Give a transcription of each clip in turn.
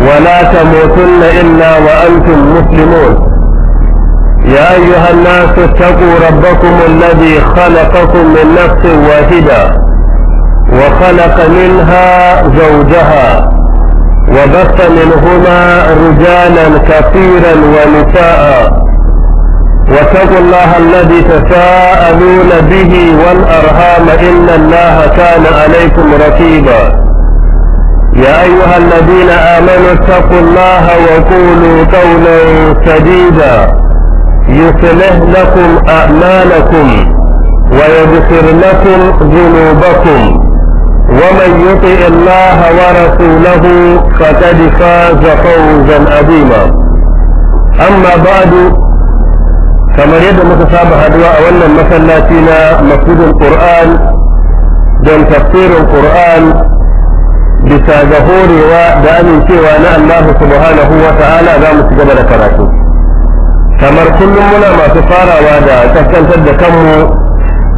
ولا تموتن إلا وأنتم مسلمون يا أيها الناس اتقوا ربكم الذي خلقكم من نفس واحدة وخلق منها زوجها وبث منهما رجالا كثيرا ونساء واتقوا الله الذي تساءلون به والأرهام إن الله كان عليكم رقيبا يا أيها الذين آمنوا اتقوا الله وقولوا قولا سديدا يصلح لكم أعمالكم ويغفر لكم ذنوبكم ومن يطع الله ورسوله فقد فاز فوزا عظيما أما بعد kamar yadda muka saba haduwa a wannan masallaci na masjidin Qur'an don tafsirin Qur'an bisa ga horewa da amincewa na Allah subhanahu wa ta'ala za mu gaba da karatu kamar kullum muna masu farawa da kaskantar da kanmu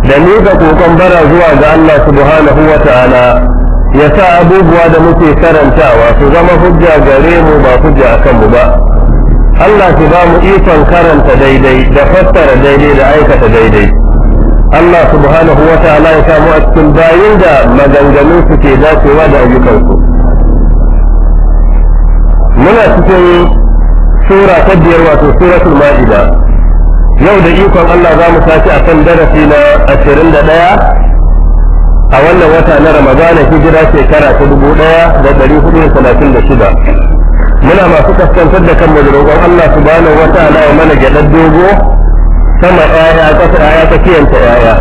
da ni ga kokon bara zuwa ga Allah subhanahu wa ta'ala ya sa abubuwa da muke karantawa su zama hujja gare mu ba hujja a kanmu ba Allah su ba mu ikon karanta daidai da fassara daidai da aikata daidai Allah subhanahu wa ta'ala ya samu a cikin bayin da maganganun su ke dacewa da ayyukansu muna cikin sura ta biyar wato suratul ma'ida yau da ikon Allah za mu tashi akan darasi na ashirin da ɗaya a wannan wata na ramadana hijira shekara ta dubu ɗaya da ɗari hudu da talatin da shida muna masu kaskantar da kanmu da roƙon Allah subhanahu wa ta'ala ya mana gyaɗar dogo sama ƴaƴa ƙasa ƴaƴa tsakiyanta ƴaƴa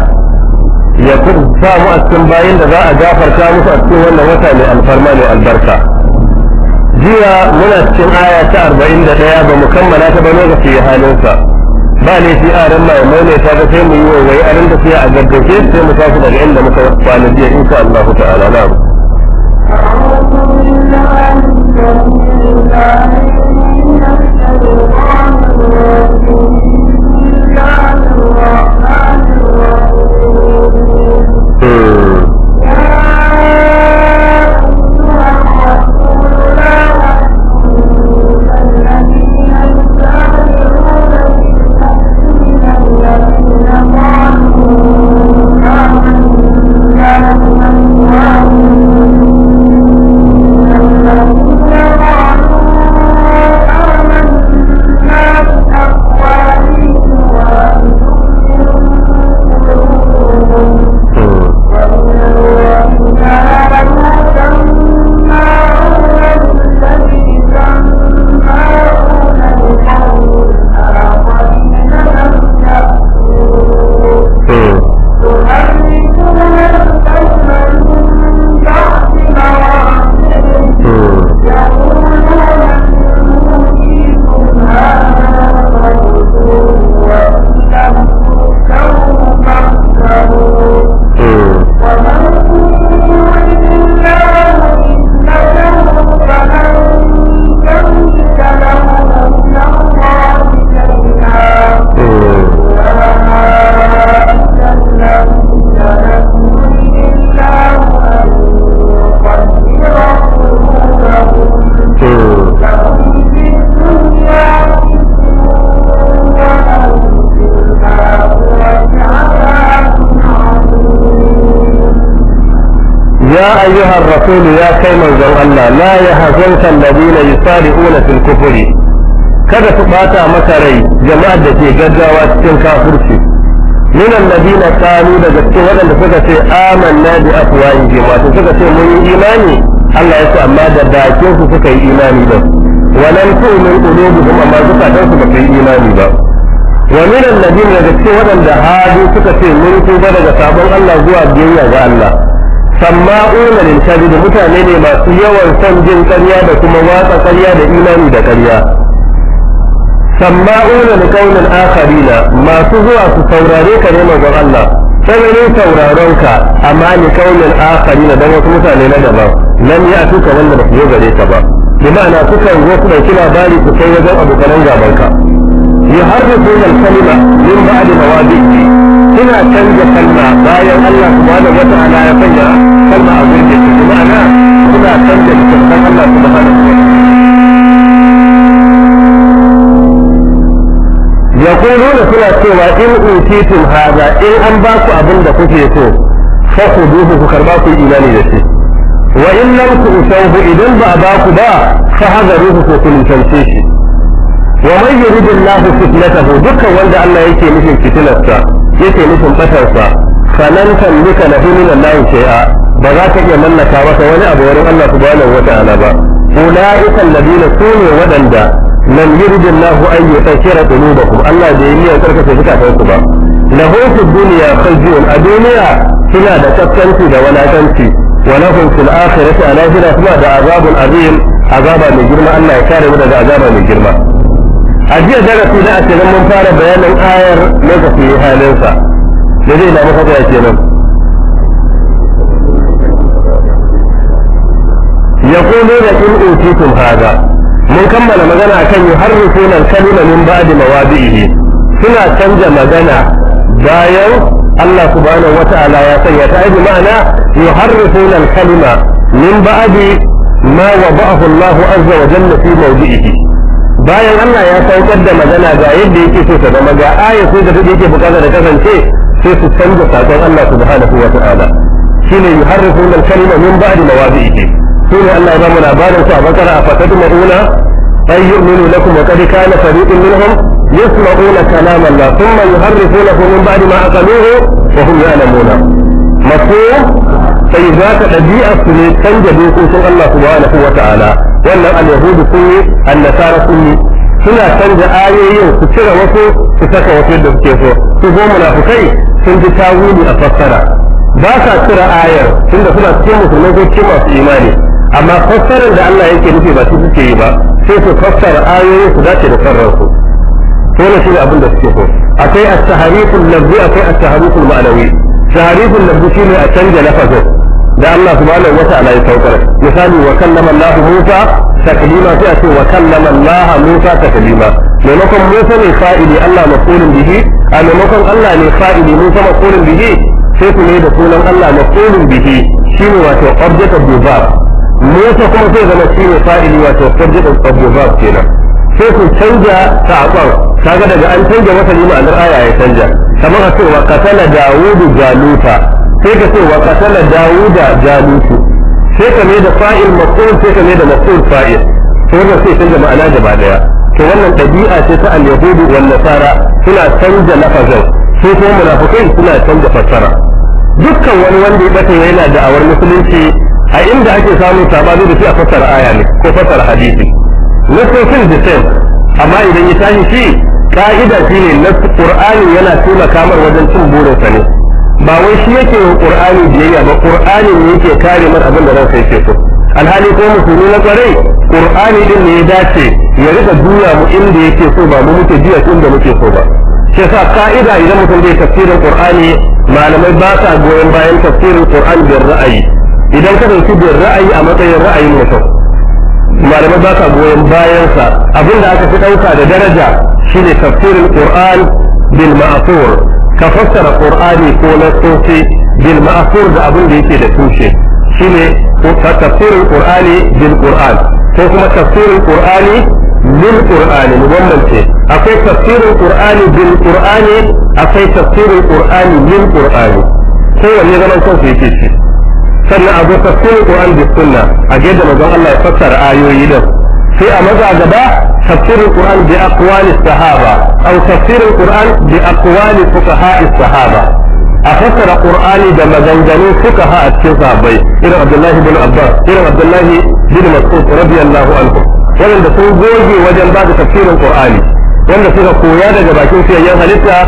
ya sa mu a cikin bayan da za a gafarta musu a cikin wannan wata mai alfarma mai albarka jiya muna cikin aya ta arba'in da ɗaya ba mu kammala ta ba lokaci ya halinsa ba ne fi aran mai maimaita ba sai mu yi wa wai aran da sai a gaggace sai mu tafi daga inda muka kwana jiya insha Allah ta'ala na'am أعوذ بالله من الشيطان الرجيم la yahzanka alladhina yusari'una fil kufri kada su bata maka rai jama'ar da ke gaggawa cikin kafirci min alladhina qalu daga cikin waɗanda suka ce amanna bi afwahihim wato suka ce mun yi imani Allah ya ce amma da bakin su suka yi imani da walan tu'min qulubuhum amma zukatan su ba su yi imani ba wa min alladhina daga cikin waɗanda hadu suka ce mun tuba daga sabon Allah zuwa biyayya ga Allah sama'una lil da mutane ne masu yawan son jin ƙarya da kuma watsa ƙarya da imani da ƙarya sama'una li qawlin akharina masu zuwa su saurare ka ne manzon Allah sanarin sauraron ka amma li qawlin akharina don wasu mutane na daban ya ya'tuka wanda ba su zo gare ka ba bi ma'ana sukan zo su ɗauki labari su kai wajen abokanan gabanka yuharrifuna al-kalima min ba'di mawadihi هنا كلمة كلمة لا يقول سبحانه وتعالى يا فيا كلمة عظيمة بمعنى هنا كلمة كلمة الله سبحانه وتعالى يقولون هنا سوى إن أوتيتم هذا إن أنباكم أبن لكوتيتو فخذوه كرباك إيماني لشيء وإن لم تؤتوه إذن بأباك با فحذروه فكل شمسيش ومن يرد الله فتنته دك وند أن يأتي مثل فتنته yake nufin batarsa falan tamlika na min Allah shai'a ba za ka iya mallaka masa wani abu wurin Allah subhanahu wata'ala ba waɗanda nan sunu wadanda lam yuridillahu an yutahhira qulubakum Allah bai yi karkace zukatanku ba lahum fid dunya khizyun a duniya suna da kaskanci da walakanci wa lahum fil akhirati suna kuma da azabun azim azaba mai girma Allah ya kare mu daga azaba mai girma a jiya darasi ake ashirin mun fara bayanin ayar lokaci halinsa da zai na maka tsaya kenan da in utitum hada mun kammala magana akan har al-kalima min ba'di mawadi'ihi suna canja magana bayan Allah subhanahu wata ya sanya ta aji ma'ana har al-kalima min ba'di ma wada'ahu Allah azza wa jalla fi mawdi'ihi bayan Allah ya saukar da magana ga yadda yake so ta zama ga aya sai da take yake bukata da kasance sai su canza sakon Allah subhanahu wa ta'ala shine yuharrifuna al-kalima min ba'di mawadi'ihi sai Allah ya ba mu labarin su a bakara a fatatuna ula ay yu'minu lakum wa qad kana fariqun minhum yasma'una kalam Allah thumma yuharrifunahu min ba'di ma aqaluhu wa hum ya'lamuna mafi sai za ka ɗabi'a su ne canja dokokin Allah subhanahu wa ta'ala wannan al-yahudu sun yi an-nasara sun yi suna canza ayoyin su cire wasu su saka wasu yadda suke so su zo munafukai sun ji tawili a fassara ba sa cire ayar tunda suna cikin musulmai ko cikin masu imani amma fassarar da Allah yake nufi ba su suke yi ba sai su fassara ayoyin su dace da sarransu to ne shi abin da suke so akwai at-tahriful lafzi akwai at-tahriful ma'nawi tahriful lafzi shine a canja lafazin da Allah subhanahu wa ta'ala ya saukar misali wa kallama Allah Musa taklima sai a ce wa kallama Allah Musa taklima maimakon Musa ne fa'ili Allah maqulun bihi a maimakon Allah ne fa'ili Musa maqulun bihi sai ku ne da sunan Allah maqulun bihi shine wato Musa kuma sai zama shine fa'ili wato kenan sai ku canja saƙon kaga daga an canja masa ma'anar aya ya canja kamar a ce wa qatala Dawudu sai ka ce wa qatala dawuda jalutu sai ka da fa'il maf'ul sai ka da maf'ul fa'il to wannan sai canza ma'ana gaba daya to wannan ɗabi'a ce ta al-yahudu wal nasara suna canza lafazin sai kuma munafikai suna canza fassara dukkan wani wanda ya bata yana da awar musulunci a inda ake samun sabani da shi a fassara aya ne ko fassara hadisi nasofin da sai amma idan ya tashi shi ka'ida shine na qur'ani yana taimaka mar wajen cin burinsa ne ba wai shi yake wa qur'ani biyayya ba qur'ani ne yake kare mar abin da ransa yake so alhali ko musulmi na kwarai qur'ani din ne ya dace ya rika juya mu inda yake so ba mu muke juya inda muke so ba shi yasa ka'ida idan mutum zai tafsirin qur'ani malamai ba sa goyon bayan tafsirin qur'ani da ra'ayi idan ka dauki da ra'ayi a matsayin ra'ayin mutum malamai ba sa goyon bayansa abinda aka fi dauka da daraja shine tafsirin qur'an bil ma'thur ka fassara qur'ani ko nasosi bil ma'thur da abin da yake da tushe shine ko tafsirin qur'ani bil qur'an ko kuma tafsirin qur'ani lil qur'ani wannan ce akwai tafsirin qur'ani bil qur'ani akwai tafsirin qur'ani lil qur'ani kowanne zaman kansa yake ce sannan abu tafsirin qur'ani bis sunna a gaida manzon Allah ya fassara ayoyi da sai a maza gaba tafsirin Qur'an bi aqwali sahaba aw tafsirin Qur'an bi aqwali fuqaha sahaba a fassara Qur'ani da maganganun fuqaha a cikin sahabbai irin Abdullah ibn Abbas irin Abdullah ibn Mas'ud radiyallahu anhu wanda sun goge wajen ba da tafsirin Qur'ani wanda suka koya daga bakin fiyayyen halitta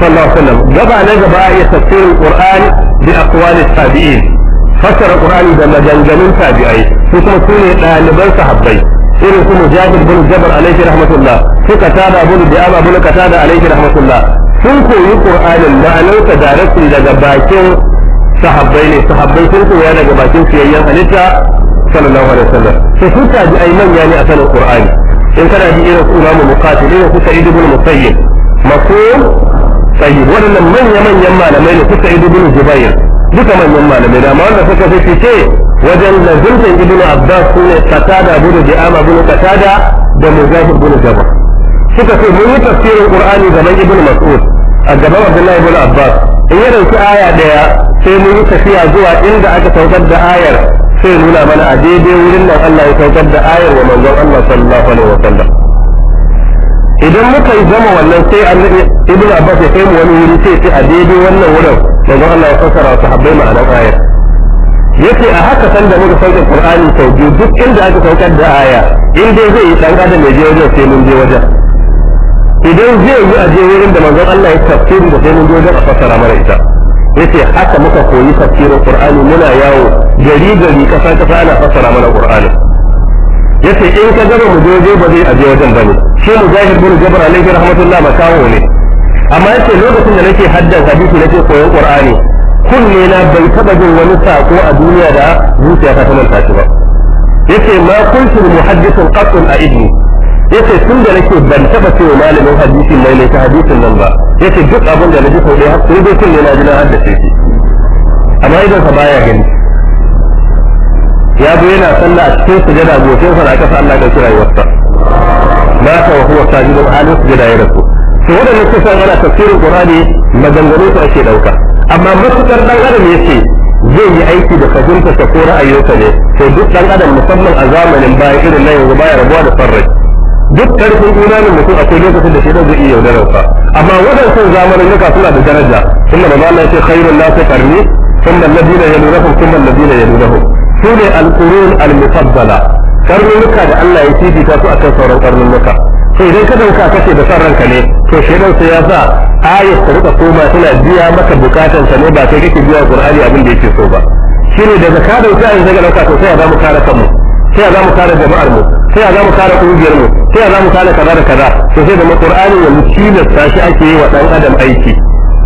sallallahu alaihi wasallam gaba na gaba ya tafsirin Qur'an bi aqwali tabi'in fassara kur'ani da maganganun tabi'ai su kuma su ɗaliban sahabai irin su mujahid bin jabal alaihi rahmatullah su katada bin bi'aba bin katada alaihi rahmatullah sun koyi qur'anin ma'anarsa directly daga bakin sahabbai ne sahabbai sun koya daga bakin siyayyen halitta sallallahu alaihi wasallam su su tabi'ai manya ne a sanin kur'ani in kana ji irin su imamu muqatil irin su sa'id bin musayyib mafhum tayyib wadannan manya manyan malamai ne su sa'id bin jubayr duka manyan malamai da wanda suka fi fice wajen lazimtan ibn abbas su ne qatada bin bi'ama bin qatada da mujahid bin jabr suka ce mun yi tafsirin qur'ani gaban ibn mas'ud a gaban abdullahi bin abbas in ya dauki aya daya sai mun yi tafiya zuwa inda aka saukar da ayar sai nuna mana a daidai wurin nan Allah ya saukar da ayar wa manzon Allah sallallahu alaihi wa sallam idan muka yi zama wannan sai annabi ibn abbas ya kai mu wani wuri sai a daidai wannan wurin manzon Allah ya fassara wa sahabbai ma'anar ayar yace a haka san da muka sauke Qur'ani sau biyu duk inda aka saukar da aya in dai zai yi dan adam je wajen sai mun je wajen idan zai yi a je wurin da manzon Allah ya tafsiri da sai mun je wajen a fassara mara ita yace haka muka koyi tafsirin Qur'ani muna yawo gari gari kasa kasa ana fassara mana Qur'ani yace in ka gaba mu je wajen ba zai a je wajen bane shi mu mujahid bin jabr alaihi rahmatullah makawo ne amma yace lokacin da nake haddan hadisi nake koyon qur'ani kunne na bai taba jin wani sako a duniya da zuciya ta manta shi ba yace ma kuntu muhaddithun qatl a ibni yace tun da nake ban taba cewa malamin hadisi mai ne ta hadisin nan ba yace duk abin da nake koyi har sai dai kunne na ji na haddace shi amma idan sa baya gani ya zo yana sallah a cikin sujada gocin sa na kasa Allah da kira yawarsa mata ta huwa sajidu halin sujada ya rasu to waɗannan kusa ana tafsirin qur'ani maganganun su ake ɗauka amma matuƙar ɗan adam ya ce zai yi aiki da fahimta ta ko ra'ayosa ne to duk ɗan adam musamman a zamanin baya irin na yanzu baya rabuwa da farrai duk karfin imanin mutum akwai lokacin da shedan zai iya yaudarar sa amma waɗansan zamanin nuka suna da daraja tunda da Allah ya ce khairun nasu karni thumma alladhina yalunahum thumma alladhina yalunahum sune al-qurun al-mufaddala karnuka da Allah ya fifita su akan sauran karnuka sai idan ka dauka kake da san ranka ne to dan sai ya sa ayat ta rika koma tana biya maka bukatun ka ne ba kai kake biya qur'ani abin da yake so ba shine daga ka dauka in daga dauka to sai za mu kare kanmu sai za mu kare jama'ar mu sai za mu kare kungiyar mu sai za mu kare kaza da kaza to sai da qur'ani yanzu tilasta shi ake yi wa dan adam aiki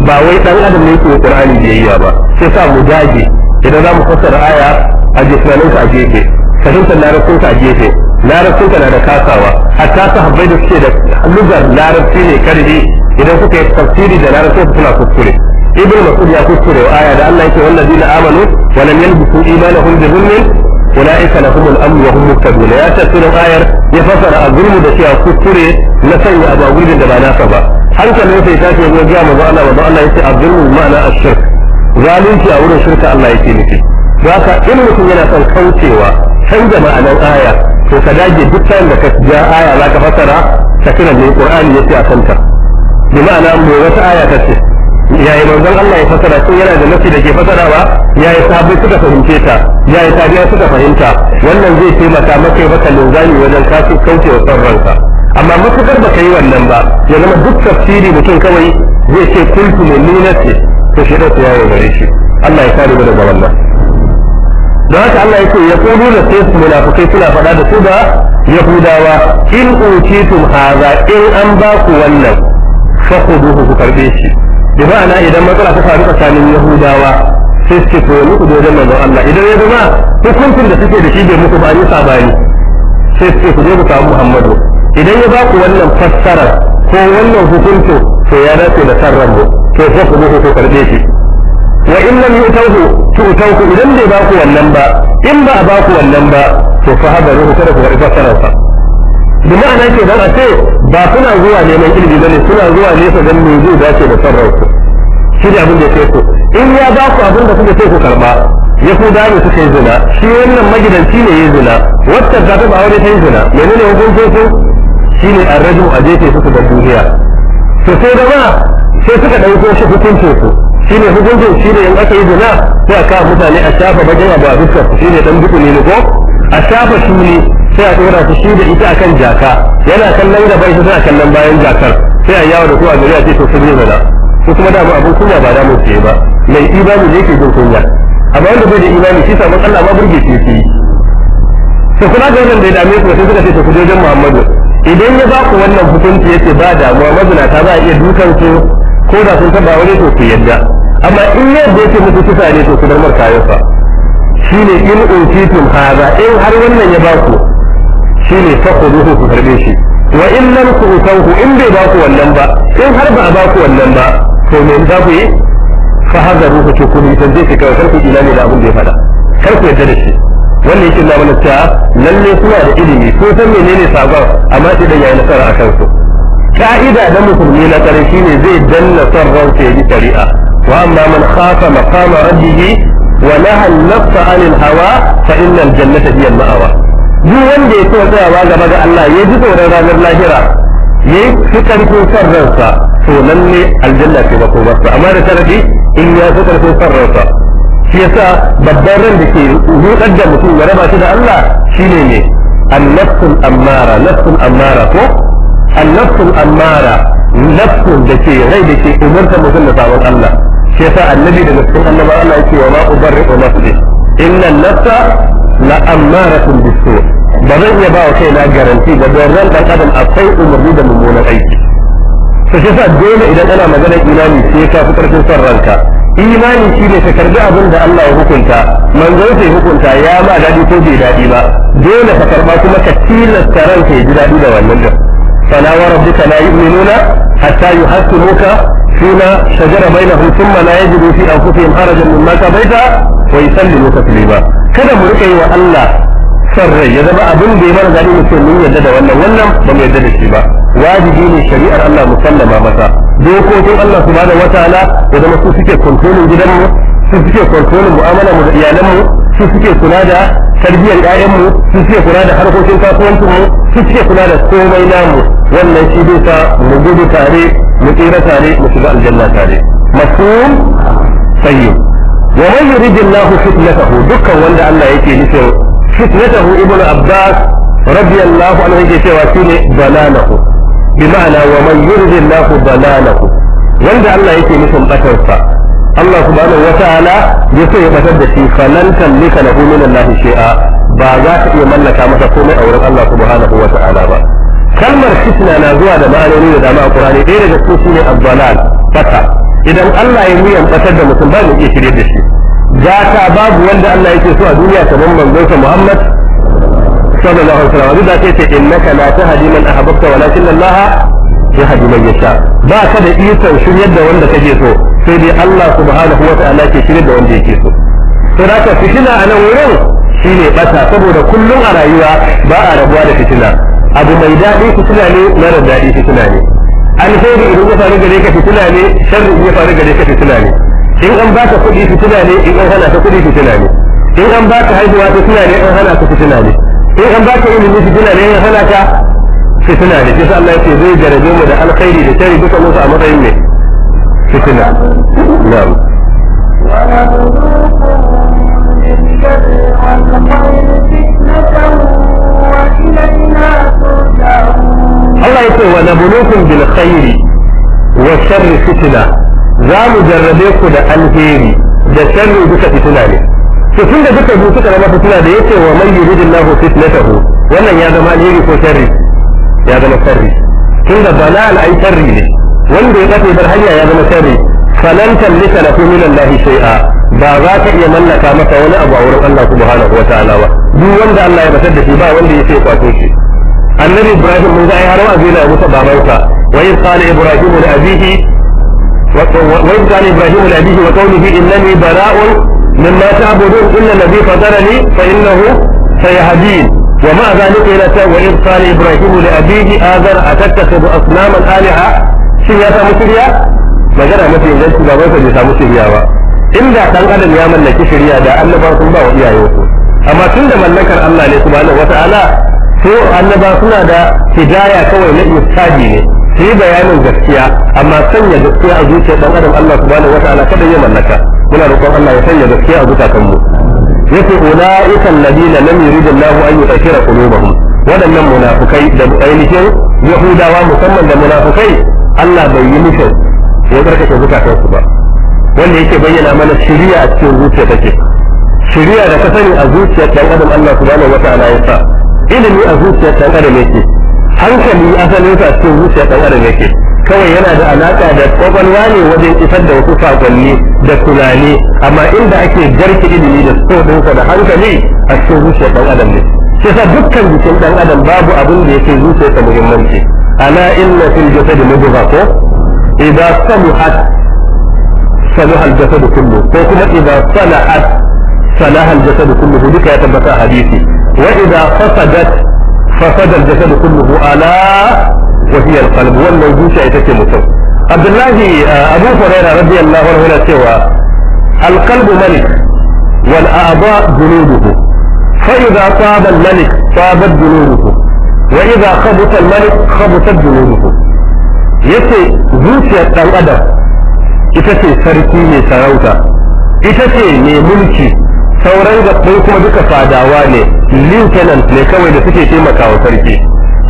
ba wai dan adam ne yake qur'ani biyayya ba sai sa mu jaje idan za mu fassara aya a jisanin ka a gefe fahimtar na rukunta a gefe larabcinka na da kasawa hatta ta habbai da suke da lugar larabci ne karbi idan suka yi tafsiri da larabci su suna kuskure ibn mas'ud ya kuskure wa aya da Allah yake wannan dina amanu wa lam yalbisu imanahum bi dhulmi ulaika lahum al-amn wa hum muhtadun ya tafsirin ayar ya fasara azlum da cewa kuskure na sanya abagurbi da ba nasa ba hankalin sai ta ce ne ga manzo Allah wa Allah yake azlum ma'ana a shirk zalunci a wurin shirka Allah yake nufi ka in mutum yana son kaucewa canza ma'anar aya to ka dage duk da ka ja aya za ka fasara ta kira mai qur'ani yace a kanta bi ma'ana mu wata aya ta ce yayi manzon Allah ya fasara ko yana da nafi da ke fasara ba yayi sahabbai suka fahimce ta yayi tabi'a suka fahimta wannan zai taimaka maka baka linzami wajen kasu kauce wa sarranka amma matukar baka yi wannan ba ya zama duk tafsiri mutum kawai zai ce kultu ne nuna ce ta shi da ya gare shi Allah ya kare mu daga wannan da haka Allah yake ya kudu da sai su munafukai suna faɗa da su ba yahudawa in utitum haza in an ba ku wannan fakuduhu ku karbe shi bi ma'ana idan matsala ta faru tsakanin yahudawa sai suke koyo muku da wajen manzon Allah idan ya zama hukuncin da suke da shi bai muku ba ni sabani sai suke ku je ku samu Muhammadu idan ya ba ku wannan fassara ko wannan hukuncin to ya dace da sarran mu to duhu ku karbe shi wa in lam yutawhu tu'tawku idan bai baku wannan ba in ba a baku wannan ba to fa habaru kada ku karɓa sarrafa bi ma'ana ke dan a ce ba kuna zuwa neman ilimi bane suna zuwa ne su dan me zai da sarrafa shi da abin da yake so in ya baku abin da kuka so ku karba ya ku dare suka yi zina shi wannan magidanci ne ya zina wacce ta ba aure ta yi zina menene ko su shine arrajin a jefe su da duniya to sai da ba sai suka dauko shi hukuncin su shine hukuncin shine in aka yi zina sai a kawo mutane a shafa bakin abu a fuskar su shine dan duku ne ko a shafa shuni sai a dora su shi da ita akan jaka yana kallon gaba sai a kallon bayan jakar sai a yawo da ko a gari a ce to sun yi zina ko kuma da abun kunya ba da mu ce ba mai imani ne yake jin kunya amma wanda bai da imani shi samu Allah ma burge shi yake to kuna ga wannan da dame ku sai suka ce to ku je Muhammadu idan ya ba ku wannan hukunci yace ba da damuwa mazinata za a iya dukan ku ko da sun taba wani to ku yadda amma in ya da yake muku kisa ne to ku bar mar kayansa shine in utitum haza in har wannan ya baku shine fa ku ruhu ku karbe shi wa in lam ku utauhu in bai baku wannan ba in har ba a baku wannan ba to me za ku yi fa haza ruhu ku kun idan zai kawai kar ku ina ilani da abin da ya fada kar ku yadda da shi wannan yake na mana cewa lalle suna da ilimi ko san menene sabon amma idan yayi nasara a kansu ka'ida da musulmi na karshe ne zai danna son ransa ya bi shari'a وأما من خاف مقام ربه ونهى النفس عن الهوى فإن الجنة هي المأوى duk wanda ya so tsayawa gaba ga Allah ya ji tsoron ranar lahira ya yi fi karfin son ransa to nan ne aljanna ce makomarsa amma da sharadi in ya fi karfin son ransa shi yasa babban ran da ke hudar da mutum ya raba shi da Allah shine ne annafsul ammara nafsul ammara ko annafsul ammara nafsul da ke rai da ke umarta mutum da sabon Allah shi yasa annabi daga cikin annaba Allah yake wa ma ubarri'u nafsi inna nafsa la ammaratun bisu ba zan iya ba wa kaina garanti ba don ran dan adam akwai umarni da mummunan aiki to shi yasa dole idan ana magana imani sai ka fi karfin son ranka imani shi ne ka karbi abin da Allah ya hukunta manzon sai hukunta ya ma dadi ko bai dadi ba dole ka karba kuma ka tilasta ranka ya ji dadi da wannan din fala wa rabbika la yu'minuna hatta فيما شجر بينهم ثم لا يجدوا في انفسهم حرجا مما قضيت ويسلموا ba kada mu rika yi wa Allah son rai ya zama abin da ya mana daɗi mu ce mun yarda da wannan wannan ba mu yarda da shi ba wajibi ne shari'ar Allah musallama masa dokokin Allah subhanahu wataala ya zama su suke gidan mu. su suke kwartonin mu'amala mu da iyalanmu su suke kula da tarbiyyar ƴaƴanmu su suke kula da harkokin kasuwancinmu su suke kula da komai namu wannan shi bisa mu gudu tare mu tsira tare mu shiga aljanna tare mafhum sayyid wa man yuridillahu fitnatahu dukkan wanda Allah yake nufin fitnatahu ibnu abbas radiyallahu anhu yake cewa shine dalalahu bi ma'ana wa man yuridillahu dalalahu wanda Allah yake nufin batarsa Allah subhanahu wa ta'ala ya so ya batar da shi falan tamlika lahu min Allah shay'a ba za ka iya mallaka masa komai a wurin Allah subhanahu wa ta'ala ba kalmar fitna na zuwa da ma'anoni da dama a Qur'ani ɗaya daga su shine abdalal fata idan Allah ya yi batar da mutum ba zai iya shirye da shi gata babu wanda Allah yake so a duniya kamar manzon sa Muhammad sallallahu alaihi wasallam da ce innaka la tahdi man ahbabta walakin Allah yahdi man yasha ba ka da ikon shiryar da wanda kake so sai dai Allah subhanahu wa ta'ala ke shirye da wanda yake so to da ka fitina a nan wurin shine bata saboda kullum a rayuwa ba a rabuwa da fitina abu mai daɗi fitina ne mara daɗi fitina ne alheri idan ya faru gare ka fitina ne sharri ya faru gare ka fitina ne in an baka kuɗi fitina ne in an hana ka kuɗi fitina ne in an baka haihuwa fitina ne an hana ka fitina ne in an baka ilimi fitina ne an hana ka fitina ne kisa Allah ya ce zai jarabe mu da alkhairi da shari duka musu a matsayin ne شوف لا لا الله ونبلوكم بالخير والشر فتنة ذا مجرديك دا الخير دا شر دك فتنة فتنة دك دوتك لما فتنة ديك ومن يريد الله فتنته ولن يادم الهير فشر يادم الخير فتنة بلال اي شر wanda ya kace bar hanya ya zama sharri falan tamlika lahu min Allah shay'a ba za ka iya mallaka masa wani abu a wurin Allah subhanahu wa ta'ala ba duk wanda Allah ya batar da shi ba wanda ya sai kwato shi annabi Ibrahim mun ga ai har wa'azi na musa babansa wa in qala Ibrahim li abihi wa in qala Ibrahim li abihi wa qawlihi innani bara'un mimma ta'budun illa alladhi fatarani fa innahu sayahdin ومع ذلك إلى وإذ قال إبراهيم لأبيه آذر أتتخذ أصناما آلهة shin ya samu shirya magana mafi inganci ba sa bai samu shirya ba inda dan adam ya mallaki shirya da annaba sun ba wa amma tun da mallakar Allah ne subhanahu wata'ala to annaba suna da hidaya kawai na istaji ne sai yi bayanin gaskiya amma sanya gaskiya a zuciya dan adam Allah subhanahu wata'ala kada ya mallaka muna roƙon Allah ya sanya gaskiya a zukatanmu yace ulaika alladina lam yuridillahu an yutahhira qulubahum waɗannan munafukai da ainihin yahudawa musamman da munafukai Allah bai yi musu ya karkace zukatan su ba wanda yake bayyana mana shiriya a cikin zuciya take shiriya da ka sani a zuciyar ɗan adam Allah subhanahu wataala ya sa ilimi a zuciyar ɗan adam yake hankali asalin sa cikin zuciyar ɗan adam yake kawai yana da alaka da kwakwalwa ne wajen isar da wasu sakonni da tunani amma inda ake jarki ilimi da so ɗinsa da hankali a cikin zuciyar ɗan adam ne sai dukkan jikin ɗan adam babu abin da yake ta muhimmanci ألا إن في الجسد مضغة إذا سمحت صلح الجسد كله فكما إذا صلحت صلح الجسد كله بك يتبقى آية حديثي وإذا فسدت فسد الجسد كله ألا وهي القلب والموجود شايتك متو عبد الله آه، أبو هريرة رضي الله عنه سوى القلب ملك والأعضاء جنوده فإذا طاب الملك طابت جنوده wa idza khabata al-malik khabata dunubuhu yace zuciyar dan adam ita ce sarki mai sarauta ita ce mai mulki sauran gaɓɓai kuma duka fadawa ne lieutenant ne kawai da suke taimakawa sarki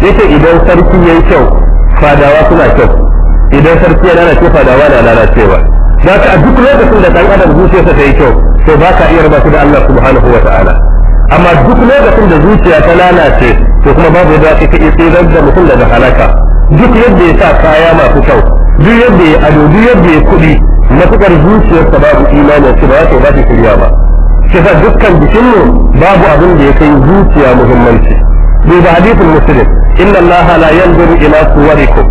yace idan sarki yayi kyau fadawa suna kyau idan sarki ya lalace fadawa na lalacewa za ka a duk lokacin da dan adam zuciyarsa ta yi kyau to ba ka iya raba da Allah subhanahu wa ta'ala amma duk lokacin da zuciya ta lalace to kuma babu yadda ake kai tsirar da mutum daga halaka duk yadda ya sa kaya masu kyau duk yadda ya ado duk yadda ya kuɗi matukar zuciyarsa babu imanin shi ba ya ba shi shirya ba shi sa dukkan jikinmu babu abin da ya kai zuciya muhimmanci duba hadithin muslim inna allaha la yanzuru ila suwarikum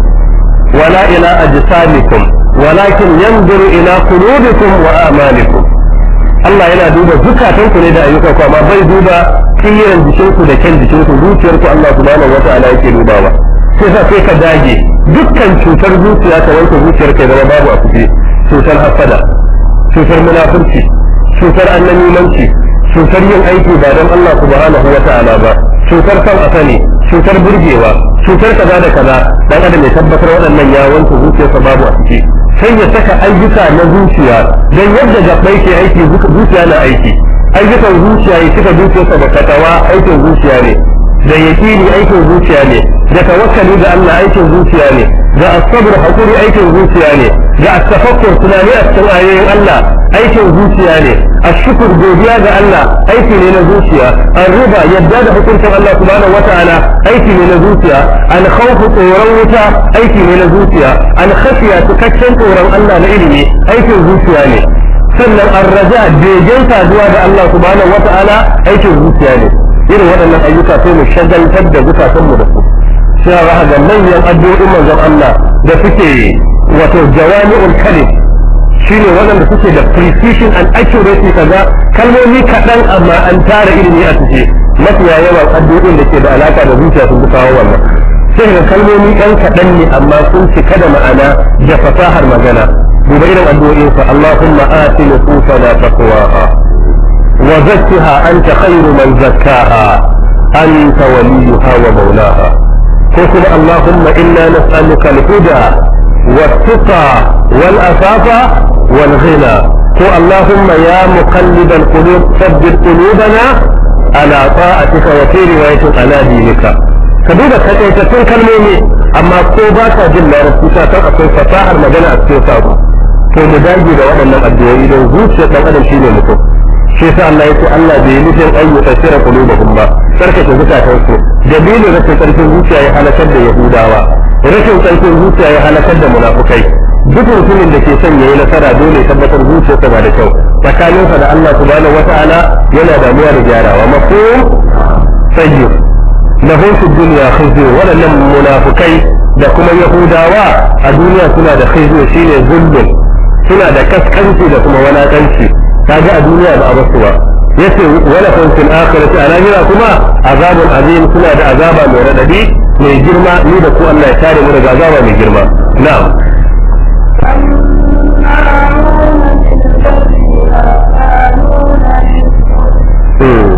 wala ila ajsamikum walakin yanzuru ila qulubikum wa amalikum Allah yana duba zukatan ku ne da ayyukan ku amma bai duba tsiran jikin ku da kyan jikin ku zuciyar ku Allah subhanahu wataala yake dubawa sai sa sai ka dage dukkan cutar zuciya ka wanke zuciyar ka zama babu a kuɗe cutar hasada cutar munafurci cutar annamimanci cutar yin aiki ba don Allah subhanahu wataala ba cutar kan asani cutar burgewa cutar kaza da kaza dan adam ya tabbatar waɗannan ya wanke zuciyarsa babu a sai ya saka ayyuka na zuciya don yadda gabbai ke aiki zuciya na aiki ayyukan zuciya ya cika zuciyarsa da katawa aikin zuciya ne da yaƙini aikin zuciya ne da tawakkali ga Allah aikin zuciya ne ga asabar hakuri aikin zuciya ne ga tafakkur tunani a cikin ayoyin Allah aikin zuciya ne ashukur godiya ga Allah aiki ne na zuciya arriba yadda da hukuncin Allah subhanahu wataala aiki ne na zuciya an khawfu tsoron wuta aiki ne na zuciya al khashiya cikakken tsoron Allah na ilimi aikin zuciya ne sannan an raja begen saduwa da Allah subhanahu wataala aikin zuciya ne irin waɗannan ayyuka sai mu shagaltar da zukatanmu da su sai za ga manyan addu'o'in manzon Allah da suke wato jawami'ul kalim shine waɗanda suke da precision and accuracy kaza kalmomi kaɗan amma an tara ilimi a ciki mafiya yawan addu'o'in da ke da alaka da zuciya sun fi kawo wannan sai kalmomi ɗan kaɗan ne amma sun cika da ma'ana da fasahar magana duba irin addu'o'in sa Allahumma ati nufusana taqwaha wa zakkaha anta khairu man zakkaha anta waliyuha wa maulaha فقل اللهم إنا نسألك الهدى والتقى والأفافة والغنى تقول اللهم يا مقلب القلوب ثبت قلوبنا على طاعتك وفي روايتك على دينك كبيرة حتي تكون كلمني أما قوباتها جل ربك تقصر فتاحر مجانا أكتوفاك كون داجي دوانا من أبدوه إذا وزوج شكرا قدم شيني لكم شيخ الله يقول الله بيلسل أي تشير قلوبهم ما تركت وزوجها تنسل dalilin rashin karfin zuciya ya halakar da yahudawa rashin karfin zuciya ya halakar da munafukai duk mutumin da ke son yayi nasara dole tabbatar zuciyarsa ba da kyau tsakaninsa da Allah subhanahu wata'ala yana damuwa da gyarawa mafhum sayyid lahum fi dunya khizyu wadannan munafukai da kuma yahudawa a duniya suna da khizyu shine zulm suna da kaskanci da kuma walakanci kaga a duniya ba a basu ba yace wala a fil akhirati alahira kuma azabun azim suna da azaba mai radadi mai girma ni da ku Allah ya tare mu daga azaba mai girma na'am Hmm.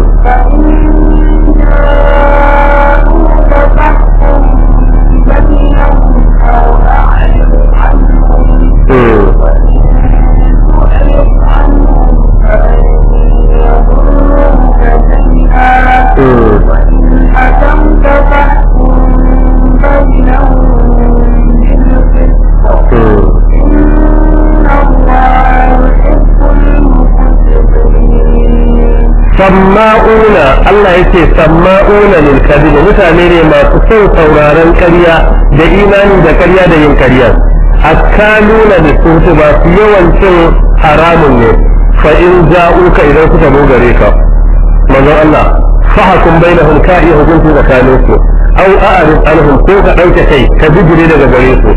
Allah yake samma'una lil kadhib mutane ne masu son sauraron ƙarya da imani da ƙarya da yin ƙarya akaluna da sutu ba su yawancin haramun ne fa in ja'uka idan suka zo gare ka manzon Allah fahakun bainahum ka iya hukunci tsakanin su aw a'rid anhum ko ka dauke kai ka bijire daga gare su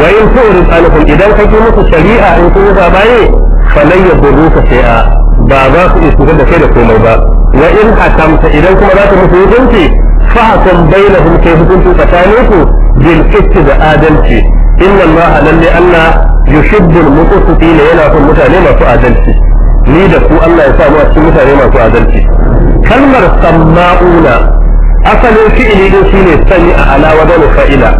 wa in tu'rid anhum idan ka ki musu shari'a in kun baye babaye falan yadurruka shay'a ba za su iya da kai da komai ba wa in hakamta idan kuma za ka musu hukunci fa hakum bainahum kai hukunci tsakaninku bil qisti da adalci inna allaha lalle allah yushibbu al muqsitina yana son mutane masu adalci ni da ku Allah ya sa mu a cikin mutane masu adalci kalmar sama'una asalin fi'ili din shine sani a alawa wadan fa'ila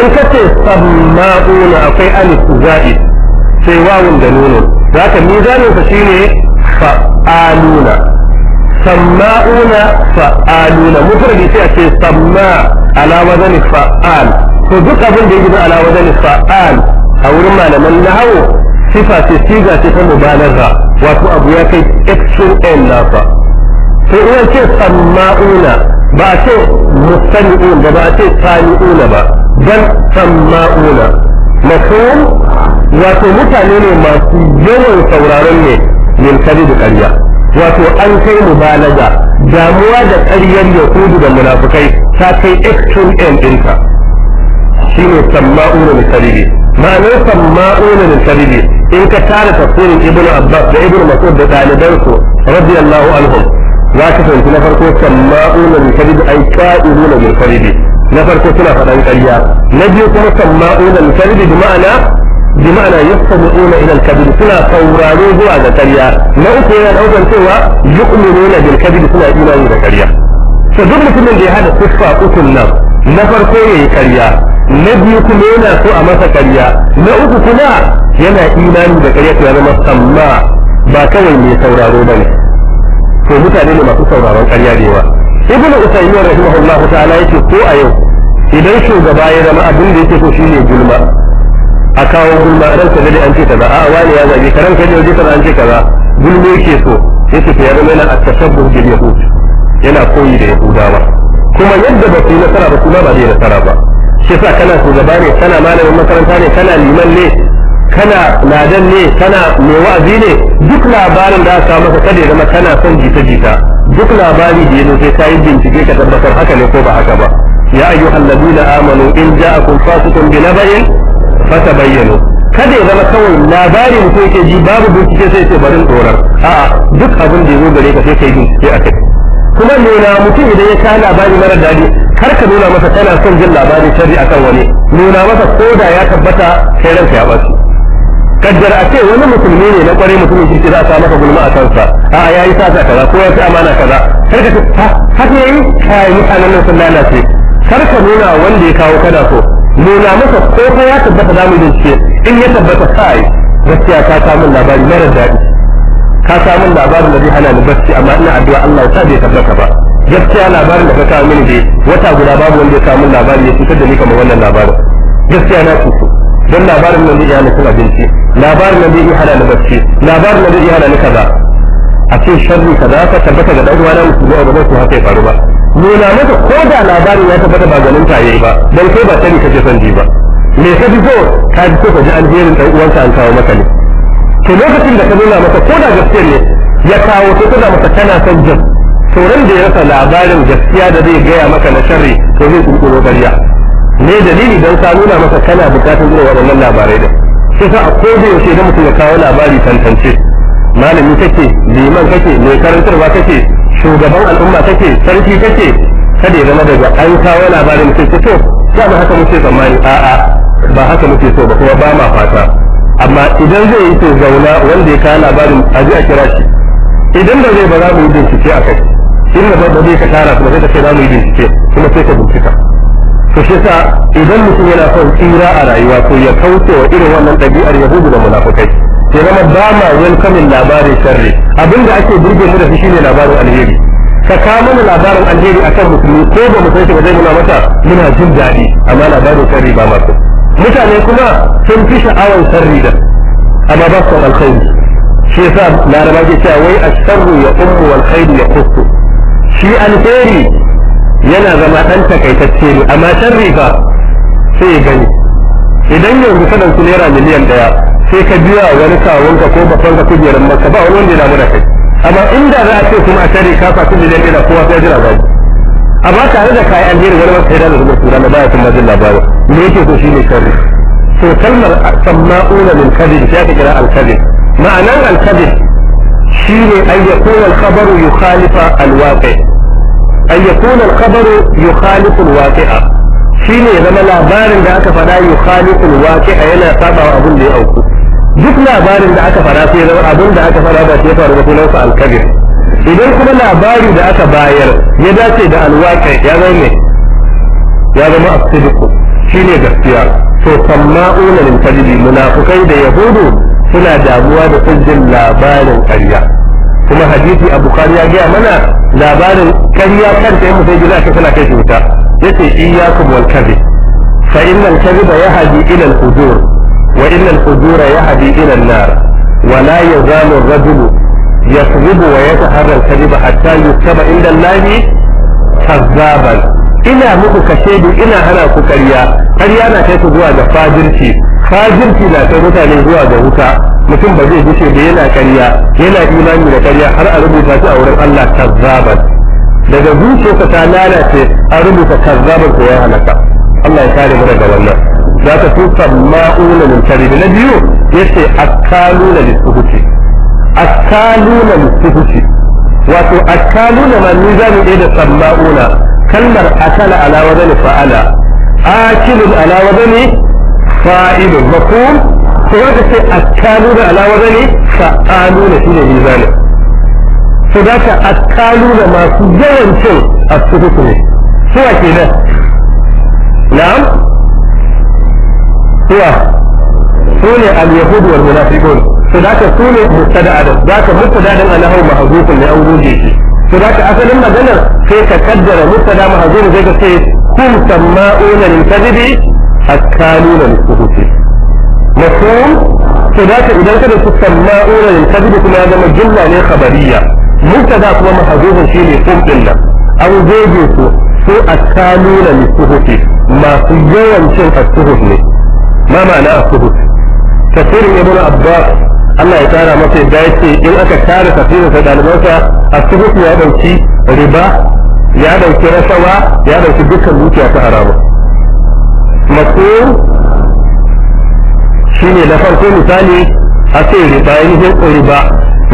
in kace sama'una akwai alif za'id sai wawun da nunun zaka mizaninsa shine fa'aluna sama'una fa'aluna mufradi sai a ce samma ala wazani fa'al to duk abin da yake da ala wazani fa'al a wurin malaman nahawu sifa ce siga ce ta mubalagha wato abu ya kai extreme end nasa to in ce sama'una ba a ce mustami'un ba ba a ce sami'una ba bal sama'una mafhum wato mutane ne masu yawan sauraron ne min kadi da ƙarya wato an kai mubalaga damuwa da ƙaryar yahudu da munafukai ta kai extreme end ɗinta shine samma'una min karibi ma'anar samma'una min karibi in ka tara tafsirin ibnu abbas da ibnu mas'ud da ɗalibansu radiyallahu anhum za ka fahimci na farko samma'una min karibi ai ka'iruna min karibi na farko suna faɗan ƙarya na biyu kuma samma'una min karibi bi ma'ana bima'ana yastami'una ila al-kadhib suna sauraro zuwa ga ƙarya na uku yana daukan cewa yu'minuna bil kadhib suna imani da ƙarya to duk mutumin da ya hada siffa ukun nan na farko yayi ƙarya na biyu kuma yana so a masa ƙarya na uku kuma yana imani da ƙarya to zama samma ba kawai mai sauraro ba ne to mutane ne masu sauraron ƙarya da yawa ibnu usaymin rahimahullahu ta'ala yake ko a yau idan shugaba ya zama abin da yake so shine gulma a kawo gulma ranka dade an ce kaza a wani ya zage karan a dade kaza an ce kaza gulma yake so yake to ya zama yana yahud yana koyi da yahudawa kuma yadda ba su yi nasara ba kuma ba zai nasara ba shi sa kana shugaba ne kana malamin makaranta ne kana liman ne kana ladan ne kana mai wa'azi ne duk labarin da aka maka kada ya zama kana son jita-jita duk labari da ya zo sai ka yi bincike ka tabbatar haka ne ko ba haka ba ya ayyuhal ladina amanu in ja'akum fasiqun bi naba'in fata bayyano kada ya zama kawai labari mutum yake ji babu bincike sai ce barin tsorar a'a duk abin da ya zo gare ka sai kai bincike a kai kuma nuna mutum idan ya kawo labari mara daɗi kar ka nuna masa kana son jin labari sharri akan wani nuna masa ko da ya tabbata sai ranka ya basu kaddar a ce wani musulmi ne na kware mutumin kirki za a sa maka gulma a kansa a ya yi sata kaza ko ya fi amana kaza kar ka ta har kayan mutanen nan sun lalace kar ka nuna wanda ya kawo kana so nuna masa ko ta ya tabbata zamu da shi in ya tabbata sai gaskiya ka samu labari mara daɗi ka samu labarin da zai hana ni bacci amma ina addu'a Allah ya bai tabbata ba gaskiya labarin da ka kawo mini dai wata guda babu wanda ya samu labari ya cutar da ni kamar wannan labarin gaskiya na cutu don labarin nan zai iya nufin abinci labarin nan zai iya hana ni bacci labarin nan zai iya hana ni kaza a ce sharri kaza ka tabbata ga ɗan uwa na musulmi a gaban su haka ya faru ba nuna masa ko da labarin ya tabbata ba ganin ta yayi ba don kai ba sani kake son ji ba me ka ji so ka ji so ka ji jerin dan uwanka an kawo maka ne to lokacin da ka nuna masa ko da gaske ne ya kawo to kana masa kana son jin to ran da ya rasa labarin gaskiya da zai gaya maka na sharri to zai kunkuro ƙarya ne dalili don ka nuna masa kana bukatun irin waɗannan labarai da sai sa a ko da yaushe da mutum ya kawo labari tantance malami kake liman kake mai karantarwa kake shugaban al'umma take sarki take kada ya zama daga an kawo labarin sai ku to ba mu haka muke tsammani a'a ba haka muke so ba kuma ba ma fata amma idan zai yi to zauna wanda ya kawo labarin a ji a kira shi idan da zai ba za mu yi bincike a kai da ba zai ka tara kuma sai ka ce za mu yi bincike kuma sai ka bincika to shi sa idan mutum yana son tsira a rayuwa to ya kauce wa irin wannan ɗabi'ar yahudu da munafukai ya zama ba ma welcoming labarin sharri abinda ake burge mu da shi ne labarin alheri ka kawo mana labarin alheri akan musulmi ko ba mu san shi ba zai nuna mata muna jin daɗi amma labarin sharri ba ma mutane kuma sun fi sha'awar sharri da amma ba su alkhairi shi yasa laraba ke cewa wai asharru ya ummu wal khairu ya kustu shi alheri yana zama ɗan takaitacce ne amma sharri ba sai gani idan yanzu ka dauki naira miliyan daya sai ka biya wani kawunka ko babban ka kujerar maka ba wani wanda ya damu da kai amma inda za a ce kuma a tare ka fasu miliyan daya kowa sai jira babu amma tare da kayan alheri wani wata idan zuwa tura na baya kuma jin labarin me yake so shine kari to kalmar sama'una min kadhib sai ka kira al-kadhib ma'anan al-kadhib shine an yakuna al-khabaru yukhalifa al-waqi' an yakuna al-khabaru yukhalifu al-waqi'a shi ne zama labarin da aka fada yi khalifin waƙi a yana saba wa abin da ya auku duk labarin da aka fada sai zama abin da aka fada ba sai faru da sunansa alkabir idan kuma labari da aka bayar ya dace da alwaƙi ya zama ne ya zama asibiku shi ne gaskiya to samma'una lil kadibi munafukai da yahudu suna damuwa da sujjin labarin karya kuma hadisi a ya gaya mana labarin karya kanta sai mutum gida aka suna kai shi wuta yace iyyakum wal kadhib fa innal kadhiba yahdi ila al fujur wa innal fujura yahdi ila an nar wa la yazalu ar-rajulu يكذب ويتحرى الكذب حتى يكتب عند الله كذابا ina muku kashedu ina hana ku karya karya na kai ku zuwa ga fajirci fajirci na kai mutane zuwa ga wuta mutum ba zai gushe da yana karya yana imani da karya har a rubuta shi a wurin Allah kazzaban daga zuciyarsa ta lalace a rubuta kazzabar ko ya halaka Allah ya kare mu daga wannan za ta su sama'una min karibi na biyu ya yace akaluna lisuhuti akaluna lisuhuti wato akaluna ma mu ɗaya da sama'una kalmar akala ala wadani fa'ala akilun ala wadani fa'ilun mafhum sai wanda sai akaluna ala wadani fa'aluna ne mizanin su da a kalu da masu yawan cin a su ne suwa ke nan na'am suwa su ne al-yahudu wal munafiqun su da ka su ne mustada'adan za ka mustada'adan a nahau mahzufun ne an goge shi su da ka asalin maganar sai ka kaddara mustada mahzufun sai ka ce kum samma'una lil kadhibi akaluna lis suhuti mafhum to da ka idan kada su samma'una lil kadhibi kuma ya zama jumla ne khabariya mubtada kuma mahzufun shine kum din nan an goge su su akaluna lisuhufi masu yawan cin asuhuf ne ma ma'ana asuhuf tafsirin ibnu abbas Allah ya tara masa yadda yake in aka tara tafsirin sa dalibansa asuhuf ya dauki riba ya dauki rasawa ya dauki dukkan dukiya ta haramu makur shine da farko misali a ce riba ainihin riba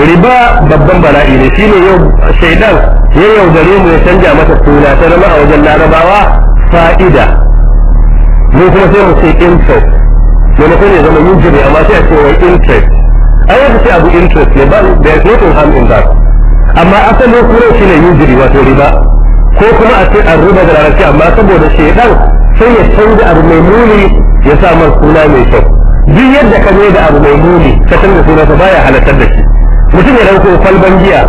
riba babban bala'i ne shi ne yau shaidan ya yaudare mu ya canja masa suna ta zama a wajen larabawa fa'ida mu kuma sai mu ce interest maimakon ne zama yujiri amma sai a ce wai interest ai yadda sai abu interest ne ba da ya nothing harm in that amma asalin sunan shi ne yujiri wato riba ko kuma a ce an riba da larabci amma saboda shaidan sai ya canza abu mai muni ya sa mar suna mai kyau duk yadda ka da abu mai muni ka canza sunansa baya halartar da shi mutum ya dauko kwalban giya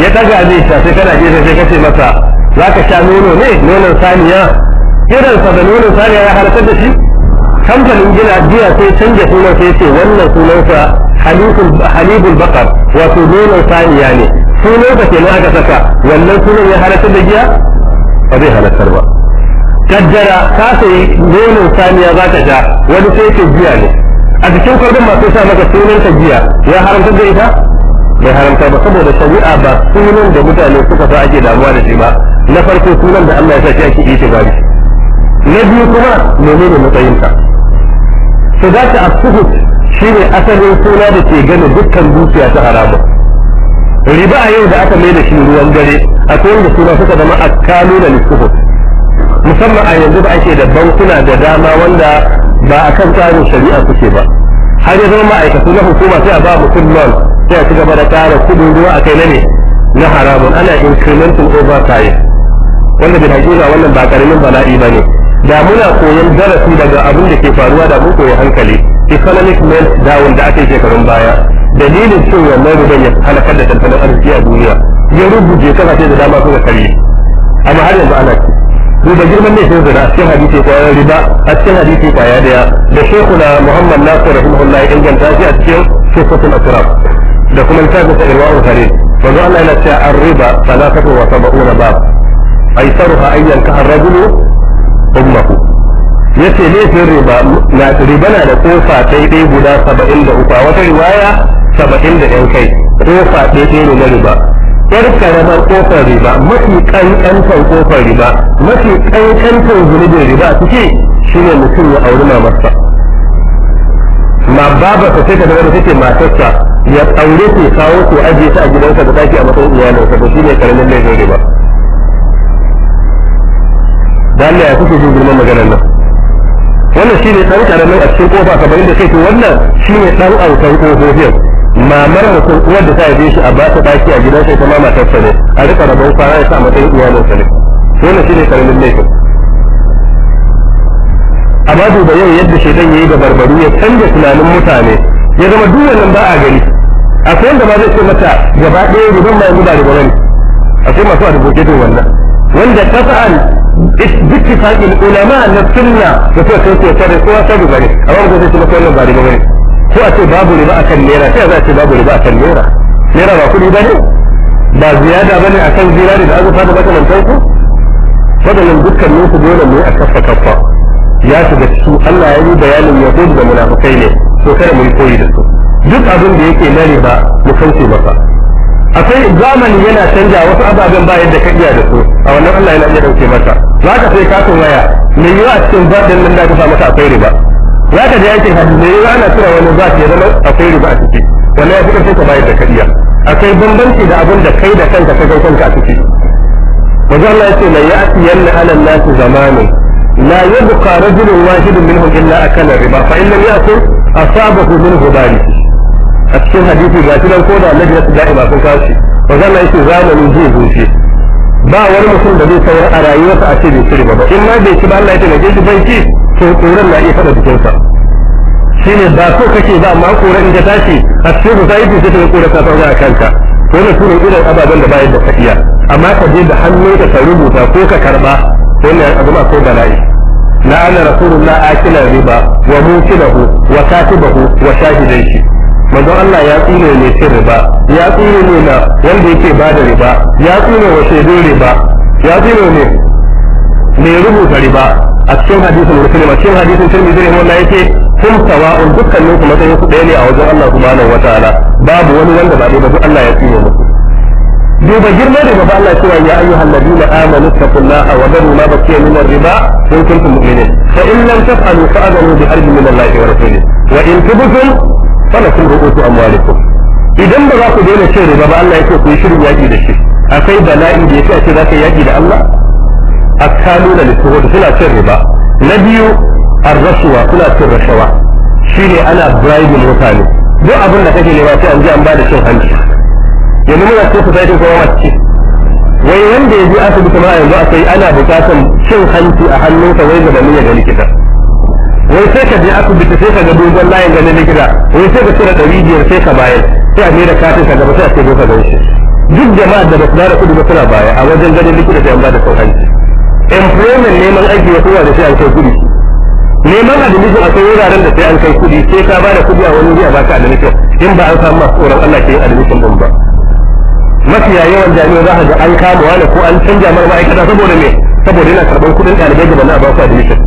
ya daga zai sha sai kana gefe sai kace masa za ka sha nono ne nonon saniya sa da nonon saniya ya halakar da shi kamfanin gina giya sai canja sunan sai ce wannan sa halibul bakar wato nonon saniya ne sunansa kenan aka saka wannan sunan ya halakar da giya ba zai halakar ba kaddara ka sai nonon saniya za ka sha wani sai ce giya ne a cikin kwarbin masu sa maka ka giya ya haramta da ita bai haramta ba saboda shari'a ba sunan da mutane suka sa ake damuwa da shi ba na farko sunan da Allah ya sa shi ake itibari na biyu kuma ne matsayinka su za ta shi shine asalin suna da ke gane dukkan dukiya ta haramun riba a yau da aka mai da shi ruwan dare akwai wanda suna suka zama akalu da lisuhut musamman a yanzu da ake da bankuna da dama wanda ba a kan tsarin shari'a suke ba har ya zama ma'aikatu na hukuma sai a ba mutum loan sai a ci gaba da tara kudin ruwa a kai na ne na haramun ana incremental overtime wanda bin hakika wannan ba karamin bala'i ba ne da muna koyon darasi daga abin da ke faruwa da mun koyi hankali economic meltdown da ake shekarun baya dalilin cin wannan ruban ya halakar da tattalin arziki a duniya ya rubuce kasashe da dama suka karye amma har yanzu ana duba girman laifin zina a cikin hadisi kwaya riba a cikin hadisi kwaya daya da shekuna muhammad nasir rahimahullah ya inganta shi a cikin sifatul asrar da kuma littafin sa irwa'ul khalil manzo Allah yana cewa ar-riba salatatu wa sab'una bab aisaruha an yankaha ar-rajulu ummuhu yace laifin riba na riba na da kofa daidai guda 73 a wata riwaya saba'in da ɗan kai kofa daidai ne na riba yar karamar kofar riba mafi kankantar kofar riba mafi kankantar zunubin riba ce shi ne mutum ya auri mamarsa ma ba ta sai ka daga take matarsa ya aure ta kawo ko ajiye ta a gidansa da taki a matsayin iyalinsa shi ne karamin laifin riba da Allah ya kuke jin girman maganar nan wannan shine dan karamin a cikin kofa kamar yadda kai to wannan shine dan autan kofofin mamar mutum uwar ta yi shi a ba ta daki a gidansa ita ma matarsa ne a rika rabon fara ya sa matsayin sa ne shi ne karamin laifin amma duba yau yadda shaidan yayi da barbaru ya canza tunanin mutane ya zama duk wannan ba a gani akwai da ba zai ce mata gaba ɗaya ruban mai yanzu ba riba a sai masu advocating wannan wanda ta tasa'an ittifaqil ulama na sunna da suka kai ta tare kowa sabu gari amma ba zai ce mata wannan ba da bane ko a ce babu riba akan naira sai za a ce babu riba akan naira naira ba kuɗi bane ba ziyada bane akan zirari da azurfa da makamantan ku wadannan dukkanin su dole ne a kafa kafa ya shiga cikin Allah ya yi bayanin yahud da munafikai ne to kada mu yi koyi da su duk abin da yake na riba mu kauce masa akwai zamani yana canja wasu ababen ba yadda ka iya da su a wannan Allah yana iya dauke masa za ka sai katin waya mai yiwa a cikin baɗin nan da ka sa maka akwai riba za ka je aikin hajji ne ya ana cire wani za ya zama akwai riba a ciki wannan ya fi karfin ka bayar da kariya akwai bambanci da abin da kai da kanka ka kai kanka a ciki manzo Allah ya ce la ya'ti yanna ala nasu nas zamanu la yabqa rajulun wahidun minhum illa akala riba fa a lam asabahu minhu dalik a cikin hadisi ga shi dan koda annabi ya tsaya ba kun kashi manzo Allah ya ce zamanin zai zuce ba wani mutum da zai saura a rayuwarsa a ce bai shirya ba in ma bai ci ba Allah ya taimake shi bai ci to tsoron na iya faɗa jikinsa shine ba so kake ba amma koran in ka tashi a cikin society sai ka kora ka sauka a kanka wannan su ne irin ababen da bayan da kaɗiya. amma ka je da hannu da ka rubuta ko ka karba wannan abu ma ko bala'i la'ana rasulullah akila riba wa mukilahu wa katibahu wa shahidaihi manzon Allah ya tsine ne cin riba ya tsine ne na wanda yake ba da riba ya tsine wa shaidun riba ya tsine ne mai rubuta riba a cikin hadisin musulmi a cikin hadisin tirmidhi ne wannan yake kun sawa'un dukkanin ku matsayin ku ɗaya ne a wajen Allah subhanahu wataala babu wani wanda ba ba Allah ya tsine muku duba girma da gaba Allah cewa ya ayyuhal na amanu taqullaha wa daru ma ba min ar-riba in kuntum mu'minin fa in lam taf'alu fa'adhu bi harbin min Allah wa rasulih wa in tubtum fala kun rubutu amwalikum idan ba za ku daina cin riba ba Allah ya ce ku yi shirin yaki da shi akai bala'i da yake a ce za ka yaki da Allah da lisuhud suna cin riba na biyu arrasuwa suna cin rashawa shine ana bribe mutane duk abin da kake nema sai an ji an ba da cin hanci yanzu muna cikin society kuma wacce wai wanda ya je asibiti ma yanzu akwai ana bukatan cin hanci a hannunsa wai gabanin ya ga likita wai sai ka je asibiti sai ka ga dogon layin ganin likita wai sai ka cire ɗari biyar sai ka bayar sai a mai da katin ka gaba sai a ce ka gan shi duk jama'ar da ba su da kudu ba suna baya a wajen ganin likita sai an ba da sauran employment neman aiki ya kowa da sai an kai kudi neman admission a kai wuraren da sai an kai kudi sai ka ba da kudi a wani a baka admission in ba an samu masu tsoron Allah ke yin admission din ba mafiya yawan jami'a za ka ga an kama wani ko an canja mara ma'aikata saboda me saboda yana karɓar kudin ɗalibai da ba na ba su admission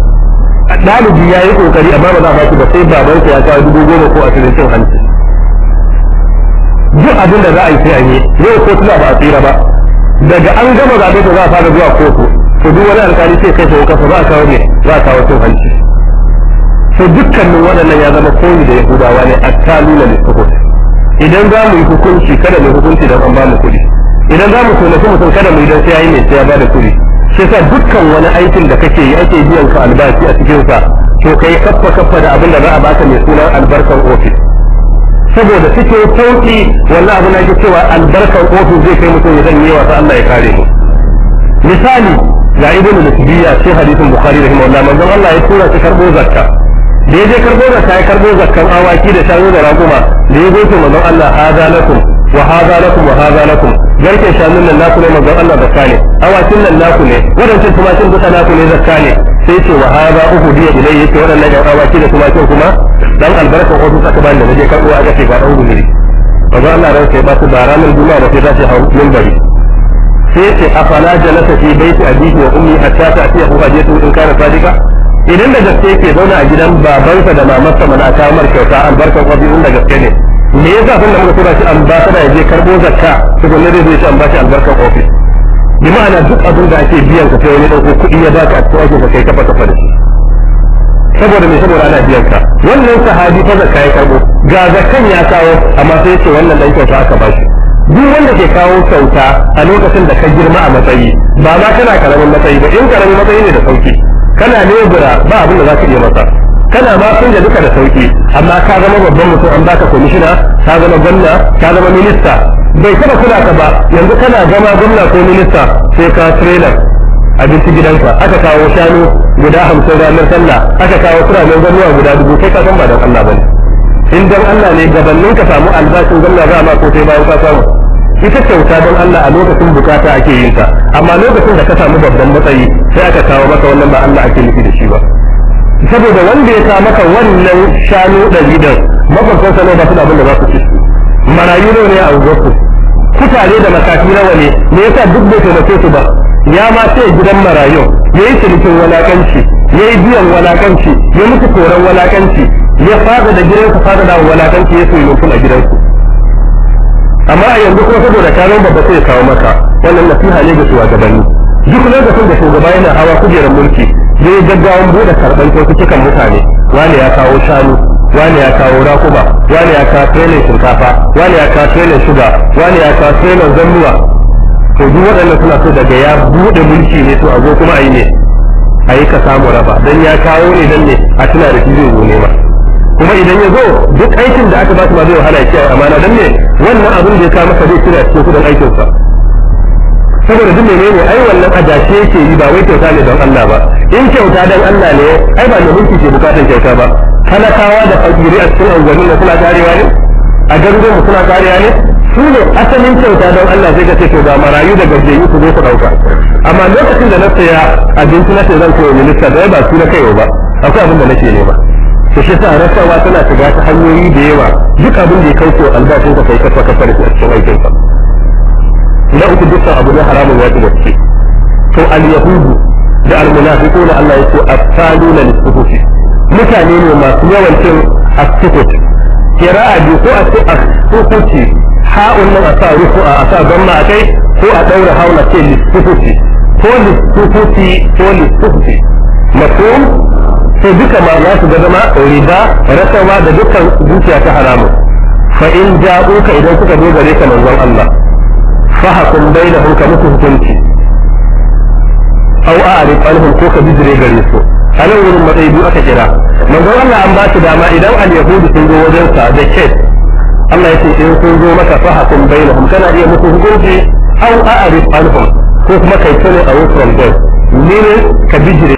ɗalibi ya yi ƙoƙari amma ba za a baki ba sai babansa ya kawo dubu goma ko ashirin cin hanci duk abin da za a yi sai an yi yau ko ba a tsira ba daga an gama zaɓe to za a fara zuwa kotu to duk wani alƙali sai kai sau kasa za a kawo ne za a kawo cin hanci to dukkanin waɗannan ya zama koyi da yahudawa ne a talula da suhut idan za mu yi hukunci kada mu hukunci da an ba mu kuɗi idan za mu taimaki mutum kada mu yi don sai ya yi mai sai ya ba da kuɗi shi sa dukkan wani aikin da kake yi ake biyan ka albashi a cikin sa to kai kaffa kaffa da abin da za a baka mai sunan albarkan ofis saboda cikin sauki wannan abin da cewa albarkan ofis zai kai mutum ya zanye wasa Allah ya kare mu misali ga ibnu lutbiya sai hadisin bukhari rahimahullah manzon Allah ya tura shi karbo zakka da yaje karbo zakka ya karbo zakkan awaki da shanu da raguma da yaje to manzon Allah hada lakum wa hada lakum wa hada lakum garken shanun nan naku ne manzon Allah zakka ne awakin nan naku ne wadancan tumakin duka naku ne zakka ne sai ce wa haza uku diya ilai yake wadannan ga awaki da tumakin kuma dan albarka ko su saka bani da je karbo a gace ga dan gumiri manzon Allah ran sai ba su bara ranar juma'a da sai ta hawo hawan bari sai ce afala jalasa fi baiti abihi wa ummi hatta ta'tiyahu hajatu in kana sadika idan da gaske yake zauna a gidan babansa da mamarsa mana ta kyauta albarkan kwabi da gaske ne me yasa sun da muka tura shi ambasada ya je karbo zakka tukunna zai zai ci an bashi albarkar ofis bi ma'ana duk abin da ake biyan ka sai wani dauko kuɗi ya baka a cikin ka kai kafa kafa da saboda me saboda ana biyan ka wannan sahabi fa zakka ya karbo ga zakkan ya kawo amma sai ya ce wannan dan kyauta aka bashi duk wanda ke kawo kyauta a lokacin da ka girma a matsayi ba ma kana karamin matsayi ba in karamin matsayi ne da sauki kana lebura ba abin da za ka iya masa kana ma sun da duka da sauki amma ka zama babban mutum an baka komishina ka zama gwamna ka zama minista bai taba kula ka ba yanzu kana zama gwamna ko minista sai ka trailer abinci gidanka aka kawo shanu guda hamsin ranar sallah aka kawo kuramen gwamna guda dubu kai ka san ba don Allah bane in don Allah ne gabanin ka samu albashin gwamna za ma ko sai bayan ka samu ita kyauta don Allah a lokacin bukata ake yin ta amma lokacin da ka samu babban matsayi sai aka kawo maka wannan ba Allah ake nufi da shi ba saboda wanda ya sa maka wannan shanu ɗari gidan makwabtan sanar ba su da da za su ci marayu ne a unguwarsu kutare da makafi nawa ne me yasa duk bai taimake su ba ya ma sai gidan marayu ya yi cinikin walakanci ya yi biyan walakanci ya mutu koran walakanci ya fada da gidansa fada da walakanci ya soyi mutum a gidansu amma a yanzu kuma saboda kanon babba sai ya kawo maka wannan nasiha ne ga shugabanni duk lokacin da shugaba yana hawa kujerar mulki zai gaggawan bude karban kyautukan mutane wani ya kawo shanu wani ya kawo rakuba wani ya kawo trailer shinkafa wani ya kawo trailer shuga wani ya kawo trailer zannuwa to duk waɗannan suna so daga ya bude mulki ne to a zo kuma a yi ne a yi ka samu raba dan ya kawo ne dan ne a tuna da shi zai zo nema kuma idan ya zo duk aikin da aka ba su ma zai wahala ya ce amana dan ne wannan abin da ya kawo masa zai tuna cikin kudin aikinsa saboda duk menene ai wannan adace yake yi ba wai kyauta ne don Allah ba in kyauta don Allah ne ai ba da mulki ke bukatar kyauta ba talakawa da fakiri a cikin angwani da suna karewa ne a garuruwan mu suna karewa ne su ne asalin kyauta don Allah zai kace to ga marayu da yi ku zo ku dauka amma lokacin da na saya abinci na ce zan koyo minista da ba su na kaiwa ba akwai abin da nake ba. to shi sa rasawa tana shiga ta hanyoyi da yawa duk abin da ya kauce albashin ka kai kafa kafar a cikin aikin na uku dukkan abu ne haramun ya da gaske to al yahudu da al munafiquna Allah ya ce afsaluna kufi mutane ne masu yawan cin asuhufi kira'a bi ko a ce asuhufi ha'un nan a sa rufu'a a sa zamma a kai ko a daura haula ce lisuhufi ko lisuhufi ko lisuhufi mafhum sai duka ma za su ga zama riba rasawa da dukkan dukiya ta haramun fa in ja'uka idan suka zo gare ka manzon Allah fahakun bainahum ka muku hukunci au a'rif anhum ko ka bijire gare su a nan wurin matsayi biyu aka kira manzon Allah an ba su dama idan al-yahudu sun zo wajen sa da ke Allah ya ce in sun zo maka fahakun bainahum na iya muku hukunci au a'rif anhum ko kuma kai tone away from them ne ka bijire